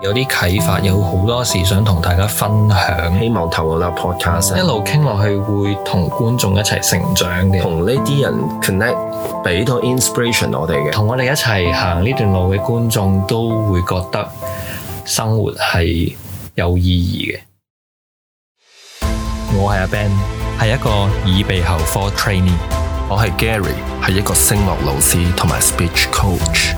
有啲啟發，有好多事想同大家分享。希望透過呢個 podcast 一路傾落去，會同觀眾一齊成長嘅，同呢啲人 connect，俾到 inspiration 我哋嘅，同我哋一齊行呢段路嘅觀眾都會覺得生活係有意義嘅。我係阿 Ben，係一個耳鼻喉科 training。我係 Gary，係一個聲樂老師同埋 speech coach。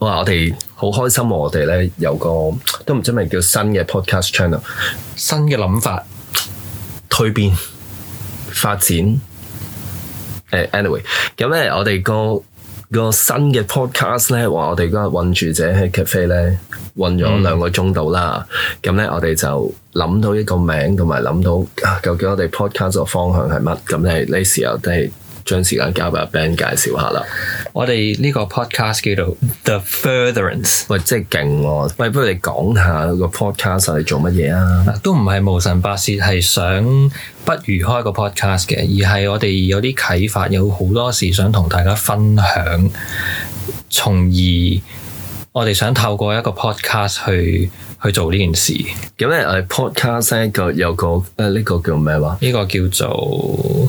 哇我話我哋好開心喎，我哋咧有個都唔知咩叫新嘅 podcast channel，新嘅諗法、蛻變、發展。誒、哎、，anyway，咁咧我哋、那個、那個新嘅 podcast 咧，話我哋今日混住者喺 cafe 咧混咗兩個鐘度啦。咁咧、嗯、我哋就諗到一個名，同埋諗到、啊、究竟我哋 podcast 嘅方向係乜？咁咧呢時候都係。將時間交俾阿 Ben 介紹下啦。我哋呢個 podcast 叫做 The, The Furtherance，喂，即係勁喎。喂、哦，不如你講下個 podcast 係做乜嘢啊？都唔係無神八舌，係想不如開個 podcast 嘅，而係我哋有啲啟發，有好多事想同大家分享，從而我哋想透過一個 podcast 去去做呢件事。咁咧，誒，podcast 咧個有個誒，呢個、呃呢個叫咩話？呢個叫做。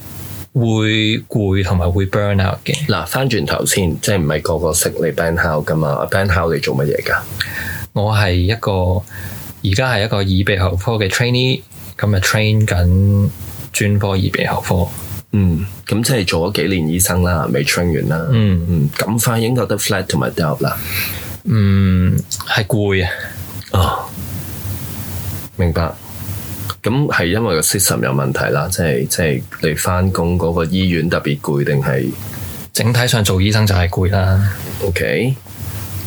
會攰同埋會 burn out 嘅。嗱、啊，翻轉頭先，即係唔係個個識你 burn out 噶嘛？burn out 嚟做乜嘢噶？我係一個，而家係一個耳鼻喉科嘅 trainee，咁咪 train 緊專科耳鼻喉科。嗯，咁即係做咗幾年醫生啦，未 train 完啦。嗯嗯，咁、嗯、反應覺得 flat 同埋 down 啦。嗯，係攰啊。哦，明白。咁係因為個 system 有問題啦，即係即係你翻工嗰個醫院特別攰，定係整體上做醫生就係攰啦。OK，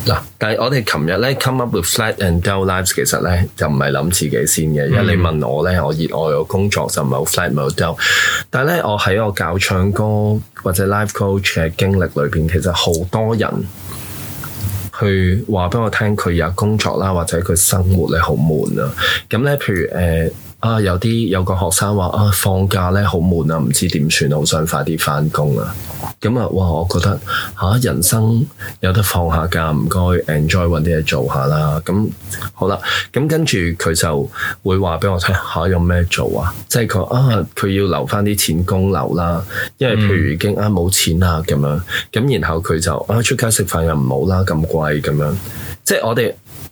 嗱喏，但係我哋琴日咧 come up with flat and dull lives，其實咧就唔係諗自己先嘅，因為、嗯、你問我咧，我熱愛嘅工作就唔係好 flat 唔好 dull，但係咧我喺我教唱歌或者 life coach 嘅經歷裏邊，其實好多人去話俾我聽佢有工作啦，或者佢生活咧好悶啊。咁咧、嗯、譬如誒。呃啊！有啲有個學生話啊，放假咧好悶啊，唔知點算，好想快啲翻工啊。咁啊，哇！我覺得嚇、啊、人生有得放下假，唔該 enjoy 揾啲嘢做下啦。咁、啊、好啦，咁跟住佢就會話俾我聽嚇，有、啊、咩、啊、做啊？即係佢啊，佢要留翻啲錢供樓啦、啊，因為譬如已經啊冇錢啦、啊、咁樣。咁、啊、然後佢就啊出街食飯又唔好啦、啊，咁貴咁樣。即、就、係、是、我哋。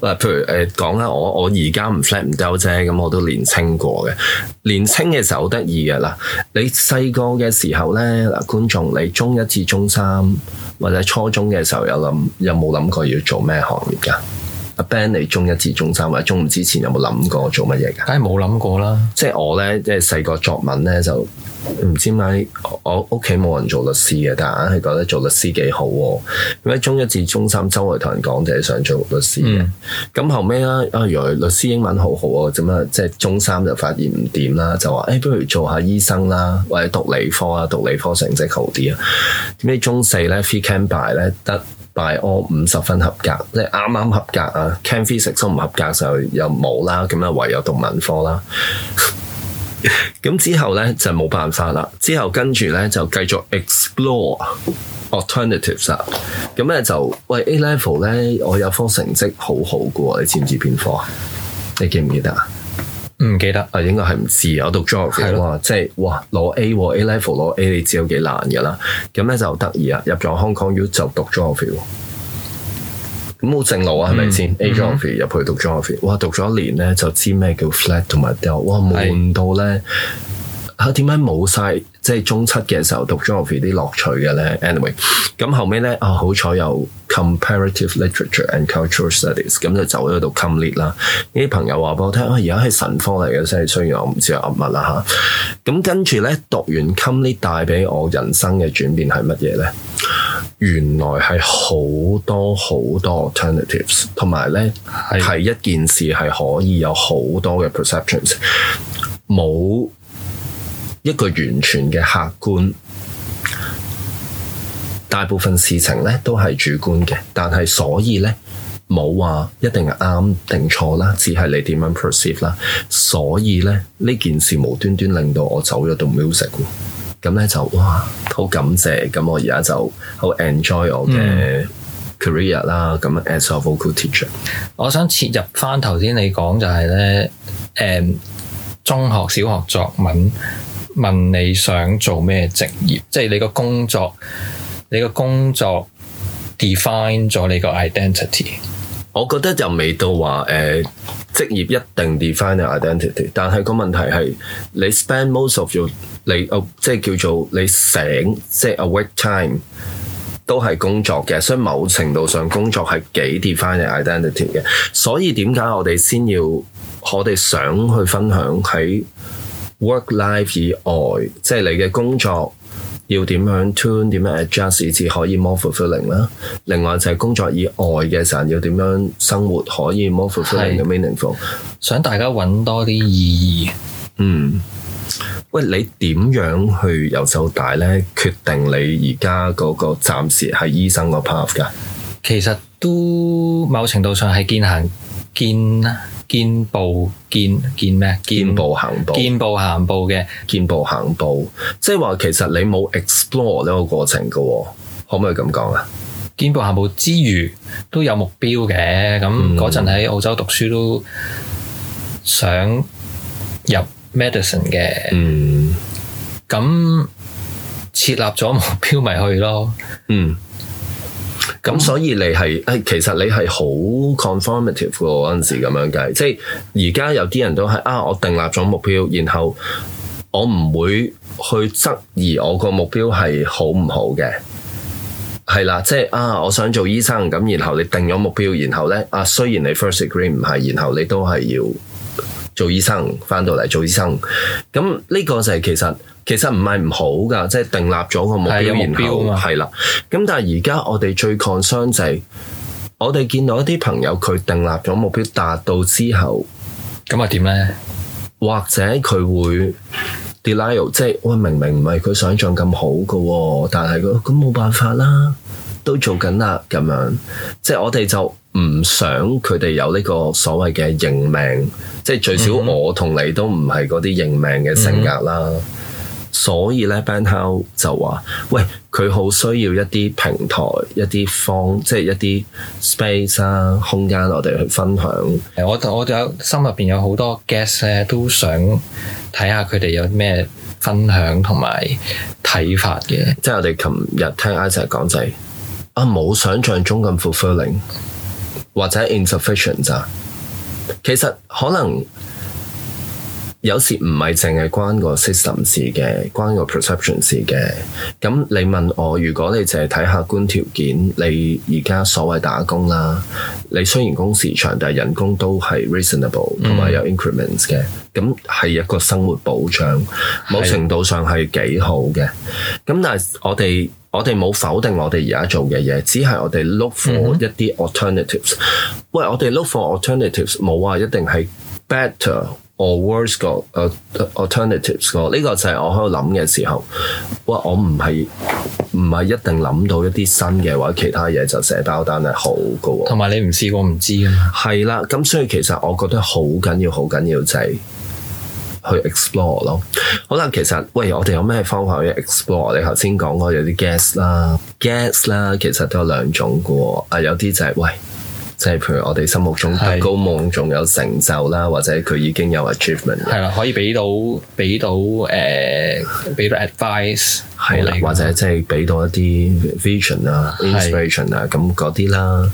譬如誒、呃、講下我，我而家唔 flat 唔得啫，咁我都年青過嘅。年青嘅時候好得意嘅。嗱，你細個嘅時候咧，嗱，觀眾，你中一至中三或者初中嘅時候有，有諗有冇諗過要做咩行業㗎？阿 Ben 你中一至中三或者中五之前有冇諗過做乜嘢噶？梗係冇諗過啦！即係我咧，即係細個作文咧就唔知點解我屋企冇人做律師嘅，但係硬係覺得做律師幾好，啊。咁喺中一至中三周圍同人講就係想做律師嘅。咁、嗯、後尾啊，啊原來律師英文好好啊，咁啊，即係中三就發現唔掂啦，就話誒、哎，不如做下醫生啦，或者讀理科啊，讀理科成績好啲啊。點解中四咧 f e c a m by 咧得？拜我五十分合格，即係啱啱合格啊 Chem physics 都唔合格，就、啊、又冇啦，咁啊唯有讀文科啦。咁之後咧就冇辦法啦。之後跟住咧就繼續 explore alternatives 啦。咁、啊、咧就喂 A level 咧，我有科成績好好嘅喎，你知唔知邊科？你記唔記得啊？唔記得啊，應該係唔知啊。我讀 Geography 係哇，即係哇，攞 A，A level 攞 A，你知有幾難噶啦。咁咧就得意啦，入咗 Hong Kong U 就讀 Geography。咁好正路啊，係咪先？A Geography 入去讀 Geography，哇，讀咗一年咧就知咩叫 flat 同埋 dale，哇，悶到咧。嚇點解冇晒？即係中七嘅時候讀中學啲樂趣嘅咧？anyway，咁、啊、後尾咧啊好彩有 comparative literature and cultural studies，咁、啊嗯、就走咗讀 Comp Lit 啦。呢啲朋友話俾我聽，我而家係神科嚟嘅，即係雖然我唔知有乜啦嚇。咁、啊啊、跟住咧讀完 Comp Lit 帶俾我人生嘅轉變係乜嘢咧？原來係好多好多 alternatives，同埋咧係一件事係可以有好多嘅 perceptions 冇。一個完全嘅客觀，大部分事情咧都係主觀嘅，但係所以咧冇話一定係啱定錯啦，只係你點樣 perceive 啦。所以咧呢件事無端端令到我走咗到 music，咁咧、嗯、就哇好感謝，咁我而家就好 enjoy 我嘅 career 啦、嗯。咁、啊、as a vocal teacher，我想切入翻頭先你講就係、是、咧，誒、嗯、中學小學作文。問你想做咩職業？即係你個工作，你個工作 define 咗你個 identity。我覺得就未到話誒，職業一定 define identity。但係個問題係，你 spend most of your 你即係叫做你醒即係 awake time 都係工作嘅，所以某程度上工作係幾 define identity 嘅。所以點解我哋先要，我哋想去分享喺？Work life 以外，即係你嘅工作要點樣 tune，點樣 adjust 以至可以 more fulfilling 啦。另外就係工作以外嘅時候，要點樣生活可以 more fulfilling 嘅是 meaningful，想大家揾多啲意義。嗯，喂，你點樣去由手大咧？決定你而家嗰個暫時係醫生個 part 噶。其實都某程度上係見行見啦。見步見見咩？見步行步，見步行步嘅見步行步，即係話其實你冇 explore 呢個過程㗎，可唔可以咁講啊？見步行步之餘都有目標嘅，咁嗰陣喺澳洲讀書都想入 medicine 嘅，嗯、咁設立咗目標咪去咯，嗯。咁所以你係誒，其實你係好 conformative 個嗰陣時咁樣計，即係而家有啲人都係啊，我訂立咗目標，然後我唔會去質疑我個目標係好唔好嘅，係啦，即係啊，我想做醫生，咁然後你定咗目標，然後咧啊，雖然你 first degree 唔係，然後你都係要做醫生，翻到嚟做醫生，咁呢個就係其實。其實唔係唔好噶即係訂立咗個目、目標，然後係啦。咁但係而家我哋最抗傷就係，我哋見到一啲朋友佢訂立咗目標達到之後，咁啊，點咧？或者佢會 d e 即係，喂，明明唔係佢想象咁好噶，但係佢咁冇辦法啦，都做緊啦，咁樣。即係我哋就唔想佢哋有呢個所謂嘅認命，即係最少我同你都唔係嗰啲認命嘅性格啦。嗯嗯嗯。所以咧，Ben Hau 就話：喂，佢好需要一啲平台、一啲方，即係一啲 space 啊，空間我哋去分享。我我心有心入邊有好多 guest 咧、啊，都想睇下佢哋有咩分享同埋睇法嘅。即係我哋琴日聽 Isaac 講就係啊，冇想象中咁 fulfilling，或者 insufficient 咋。其實可能。有時唔係淨係關個 system 事嘅，關個 perception 事嘅。咁你問我，如果你淨係睇客觀條件，你而家所謂打工啦，你雖然工時長，但係人工都係 reasonable，同埋有 increments 嘅。咁係、mm hmm. 一個生活保障，某程度上係幾好嘅。咁的但係我哋我哋冇否定我哋而家做嘅嘢，只係我哋 look for、mm hmm. 一啲 alternatives。喂，我哋 look for alternatives 冇話一定係 better。or worse 個、uh, alternative 個，呢個就係我喺度諗嘅時候，哇！我唔係唔係一定諗到一啲新嘅話，其他嘢就寫包單係好㗎。同埋你唔試過唔知㗎嘛？係啦，咁所以其實我覺得好緊要，好緊要就係去 explore 咯。好啦，其實喂，我哋有咩方法可以 explore？你頭先講過有啲 guess 啦，guess 啦，其實都有兩種㗎喎。啊，有啲就係、是、喂。即係譬如我哋心目中德高望重的有成就啦，或者佢已經有 achievement，係啦，可以俾到俾到誒，俾、呃、到 advice 係啦的，或者即係俾到一啲 vision 啊、嗯、inspiration 啊咁嗰啲啦。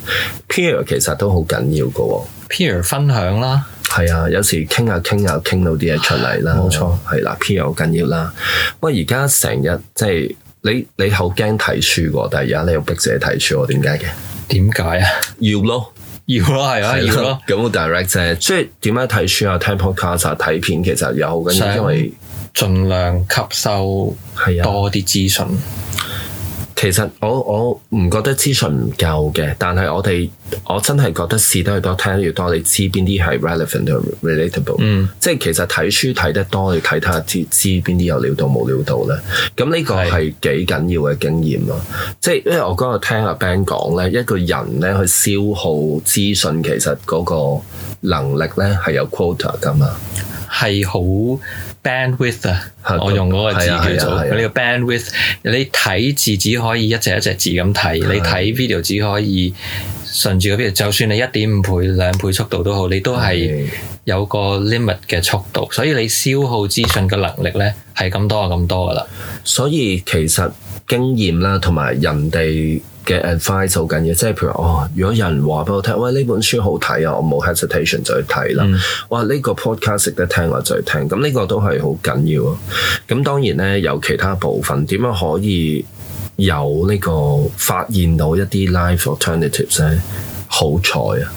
peer 其實都好緊要個、啊、peer 分享啦，係啊，有時傾下傾下傾到啲嘢出嚟啦，冇錯、啊，係啦，peer 好緊要啦。不過而家成日即係你你好驚睇書個，但係而家你又逼自己睇書，點解嘅？點解啊？要咯。要咯，係啊， 啊要咯了。咁 direct 啫，即係點樣睇書啊、聽 podcast 啊、睇片，其實有好緊要，因為盡量吸收係啊多啲資訊。其實我我唔覺得資訊唔夠嘅，但係我哋我真係覺得試得越多，聽得越多，你知邊啲係 relevant，relatable。嗯，即係其實睇書睇得多，你睇睇下知知邊啲有料到冇料到咧。咁呢個係幾緊要嘅經驗咯。即係是因為我嗰日聽阿 Ben 講咧，一個人咧去消耗資訊，其實嗰個能力咧係有 quota 噶嘛。係好 bandwidth 啊！我用嗰個字叫做呢、啊啊啊啊、個 bandwidth。你睇字只可以一隻一隻字咁睇，啊、你睇 video 只可以順住個 video。就算你一點五倍、兩倍速度都好，你都係有個 limit 嘅速度。啊、所以你消耗資訊嘅能力呢，係咁多啊，咁多㗎喇。所以其實經驗啦，同埋人哋。嘅 advice 好緊要，即係譬如哦，如果有人話俾我聽，喂、哎、呢本書好睇啊，我冇 hesitation 就去睇啦。嗯、哇，呢、這個 podcast 值得聽，我就去聽。咁呢個都係好緊要啊。咁當然呢，有其他部分，點樣可以有呢、這個發現到一啲 life alternatives 呢？好彩啊！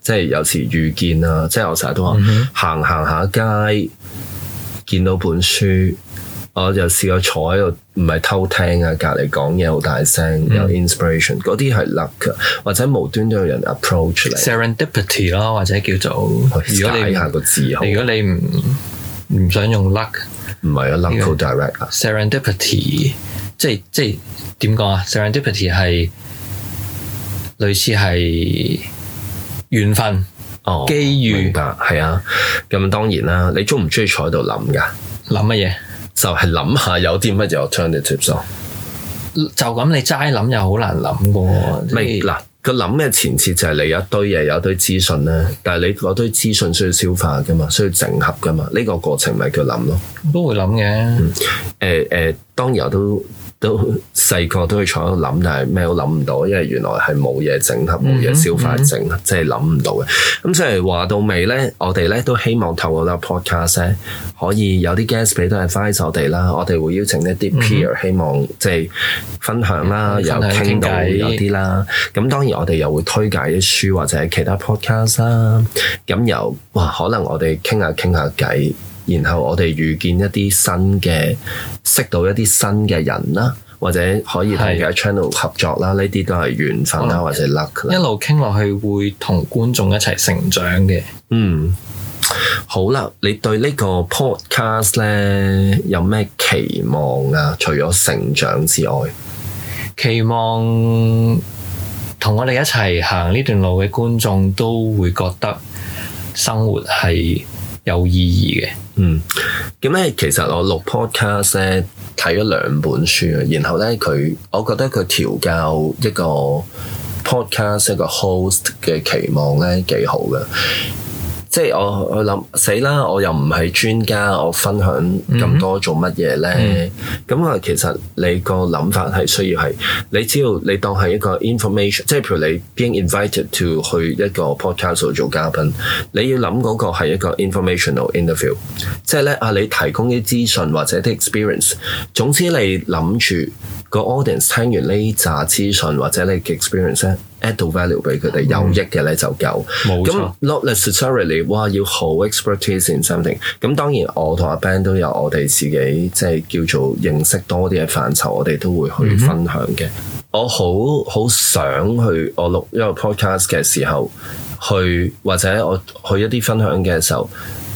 即係有時遇見啊，即係我成日都話行行下街，見到本書。我就試過坐喺度，唔係偷聽啊，隔籬講嘢好大聲，嗯、有 inspiration，嗰啲係 luck 噶，或者無端都有人 approach 嚟，serendipity 咯，Serendipity, 或者叫做如果你睇下個字，如果你唔唔、嗯、想用 luck，唔係啊，luck 唔 direct，serendipity，即係即係點講啊？serendipity 係類似係緣分哦，機遇，明白係啊。咁當然啦，你中唔中意坐喺度諗噶？諗乜嘢？就係諗下有啲乜嘢 alternative，就咁你齋諗又好難諗嘅喎。嗱，個諗嘅前設就係你有一堆嘢，有一堆資訊咧，但係你嗰堆資訊需要消化嘅嘛，需要整合嘅嘛，呢、這個過程咪叫諗咯。都會諗嘅，誒誒、嗯呃呃，當有都。都細個都去坐喺度諗，但係咩都諗唔到，因為原來係冇嘢整，同冇嘢消化整，即係諗唔到嘅。咁即係話到尾呢，我哋呢都希望透過呢個 podcast 咧，可以有啲 guest 俾到啲 advice 我哋啦。我哋會邀請一啲 peer，、mm hmm. 希望即係、就是、分享啦，又傾、嗯、到有啲啦。咁天當然我哋又會推介啲書或者其他 podcast 啦。咁又哇，可能我哋傾下傾下偈。然後我哋遇見一啲新嘅，識到一啲新嘅人啦，或者可以同其他 channel 合作啦，呢啲都係緣分啦，嗯、或者 luck，一路傾落去會同觀眾一齊成長嘅。嗯，好啦，你對個呢個 podcast 呢有咩期望啊？除咗成長之外，期望同我哋一齊行呢段路嘅觀眾都會覺得生活係。有意義嘅，嗯，咁咧，其實我錄 podcast 咧，睇咗兩本書啊，然後咧佢，我覺得佢調教一個 podcast 一個 host 嘅期望咧幾好嘅。即係我我諗死啦！我又唔係專家，我分享咁多做乜嘢呢？咁啊、mm-hmm. 其實你個諗法係需要係你只要你當係一個 information，即係譬如你 being invited to 去一個 podcast 做嘉賓，你要諗嗰個係一個 informational interview，即係呢，啊，你提供啲資訊或者啲 experience。總之你諗住。個 audience 聽完呢紮資訊或者你嘅 experience 咧 add 到 value 俾佢哋有益嘅咧就夠。冇錯咁 not necessarily 哇要好 expertise in something。咁當然我同阿 Ben 都有我哋自己即係叫做認識多啲嘅範疇，我哋都會去分享嘅。嗯、哼我好好想去我錄一個 podcast 嘅時候去，或者我去一啲分享嘅時候。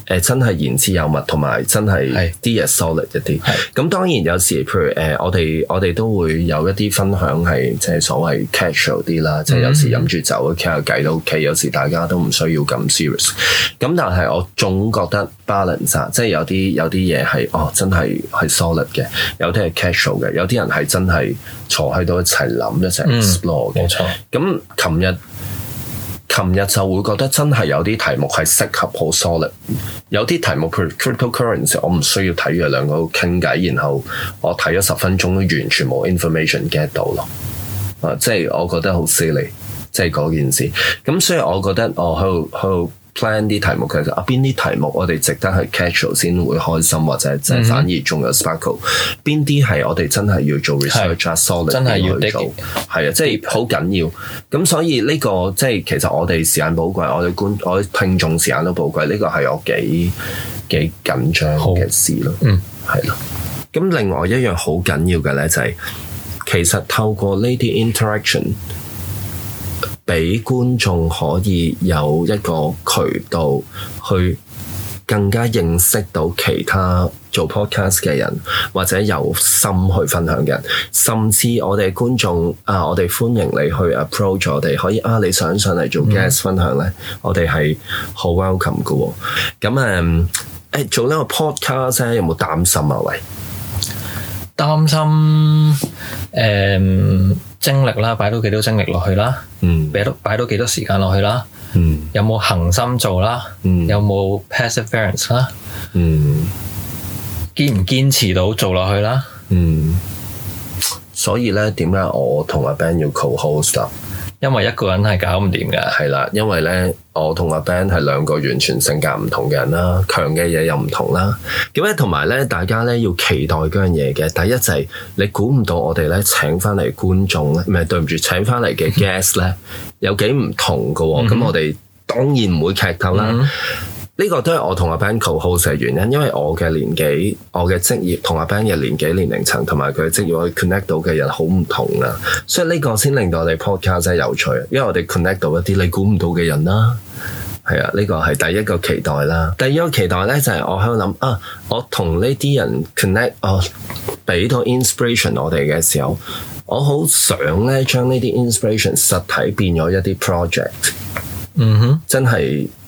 誒真係言之有物，同埋真係啲嘢 solid 一啲。咁的當然有時，譬如誒、呃、我哋我哋都會有一啲分享係即係所謂 casual 啲啦，即係、嗯、有時飲住酒傾下偈都 OK。有時大家都唔需要咁 serious。咁但係我總覺得 balance，即係有啲有啲嘢係哦真係係 solid 嘅，有啲係 casual 嘅，有啲人係真係坐喺度一齊諗、嗯、一齊 explore 嘅。冇錯。咁琴日。琴日就會覺得真係有啲題目係適合好 solid，有啲題目譬如 cryptocurrency 我唔需要睇佢兩個喺度傾偈，然後我睇咗十分鐘都完全冇 information get 到咯、啊。即係我覺得好犀利，即係嗰件事。咁所以我覺得我好、哦、好。好 plan 啲題目，其實邊啲題目我哋值得去 catch up 先會開心，或者即係反而仲有 sparkle，邊啲係我哋真係要做 research 真係要做，係啊，即係好緊要。咁的所以呢個即係其實我哋時間寶貴，我哋觀我聽眾時間都寶貴，呢個係我幾幾緊張嘅事咯。好的嗯，係咯。咁另外一樣好緊要嘅咧就係、是、其實透過呢啲 interaction。俾觀眾可以有一個渠道去更加認識到其他做 podcast 嘅人，或者有心去分享嘅人，甚至我哋觀眾啊，我哋歡迎你去 approach 我哋，可以啊，你想上嚟做 guest 分享呢？嗯、我哋係好 welcome 噶。咁、哦、誒，誒、嗯哎、做呢個 podcast 咧、啊，有冇擔心啊？喂。擔心誒、呃、精力啦，擺到幾多精力落去啦，嗯，擺到擺到幾多時間落去啦，嗯，有冇恆心做啦，嗯，有冇 passion 啦，嗯，堅唔堅持到做落去啦，嗯，所以咧，點解我同阿 Ben 要 co-host 啊？Host 因為一個人係搞唔掂嘅，係啦， 因為咧我同阿 Ben 係兩個完全性格唔同嘅人啦，強嘅嘢又唔同啦。咁咧同埋咧，大家咧要期待嗰樣嘢嘅，第一就係、係、你估唔到我哋咧請翻嚟觀眾咧，唔係對唔住，請翻嚟嘅 guest 咧有幾唔同嘅、啊。咁 我哋當然唔會劇透啦。 呢個都係我同阿 Benco 好嘅原因，因為我嘅年紀、我嘅職業同阿 Ben 嘅年紀、年齡層同埋佢嘅職業可以 connect 到嘅人好唔同啊。所以呢個先令到我哋 podcast 真係有趣，因為我哋 connect 到一啲你估唔到嘅人啦。係啊，呢、這個係第一個期待啦。第二個期待咧就係、是、我喺度諗啊，我同呢啲人 connect，、啊、我俾到 inspiration 我哋嘅時候，我好想咧將呢啲 inspiration 實體變咗一啲 project。嗯哼、mm，hmm. 真係。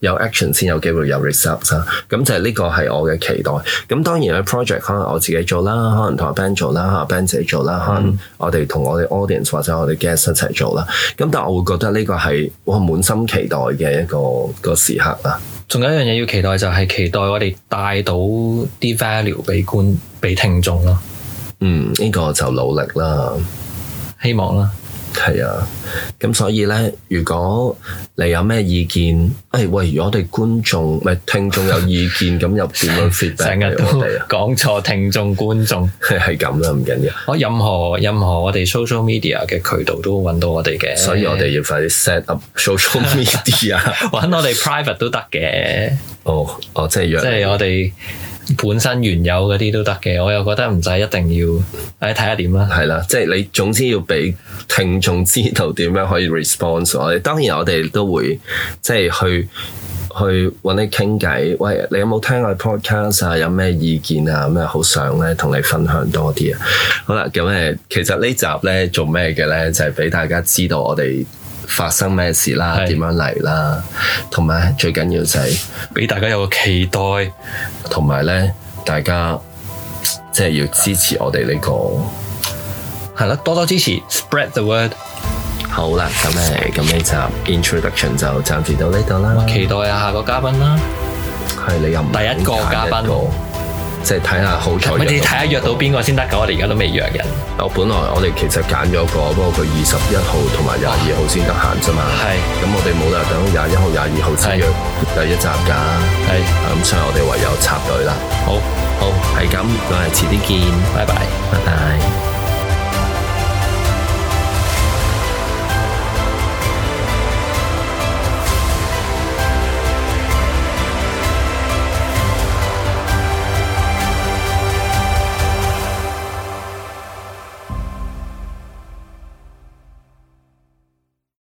有 action 先有機會有 result 啦，咁就係呢個係我嘅期待。咁當然咧 project 可能我自己做啦，可能同阿 Ben 做啦，阿 Ben 自己做啦，可能、嗯、我哋同我哋 audience 或者我哋 guest 一齊做啦。咁但係我會覺得呢個係我滿心期待嘅一個一個時刻啊！仲有一樣嘢要期待就係、是、期待我哋帶到啲 value 俾觀俾聽眾咯。嗯，呢、這個就努力啦，希望啦。係啊，咁所以咧，如果你有咩意見，誒、哎、喂，如果我哋觀眾咪聽眾有意見，咁 又點樣 feedback？成日都講錯聽眾觀眾係咁啦，唔緊要。我任何任何我哋 social media 嘅渠道都會搵到我哋嘅，所以我哋要快啲 set up social media，搵 我哋 private 都得嘅。哦哦、oh，即係約即係我哋。本身原有嗰啲都得嘅，我又覺得唔使一定要，誒睇下點啦。係啦，即係你總之要俾聽眾知道點樣可以 respond。我哋當然我哋都會即係去去揾你傾偈。喂，你有冇聽過 podcast 啊？有咩意見啊？咩好想咧同你分享多啲啊？好啦，咁誒，其實呢集咧做咩嘅咧，就係俾大家知道我哋。發生咩事啦？點樣嚟啦？同埋的最緊要就係俾大家有個期待，同埋呢大家即係要支持我哋呢、這個係啦，多多支持，spread the word。好啦，咁誒，呢集 introduction 就暫時到呢度啦。期待、啊、下個嘉賓啦，係你又唔係第一個嘉賓。即係睇下好彩，我哋睇下約到邊個先得。咁我哋而家都未約人。我、哦、本來我哋其實揀咗個，不過佢二十一號同埋廿二號先得閒啫嘛。係哇，咁我哋冇理由等到廿一號、廿、啊、二號先約第一集噶。係是，咁、啊、所以我哋唯有插隊啦。好，好，係咁，我哋遲啲見，拜拜，拜拜。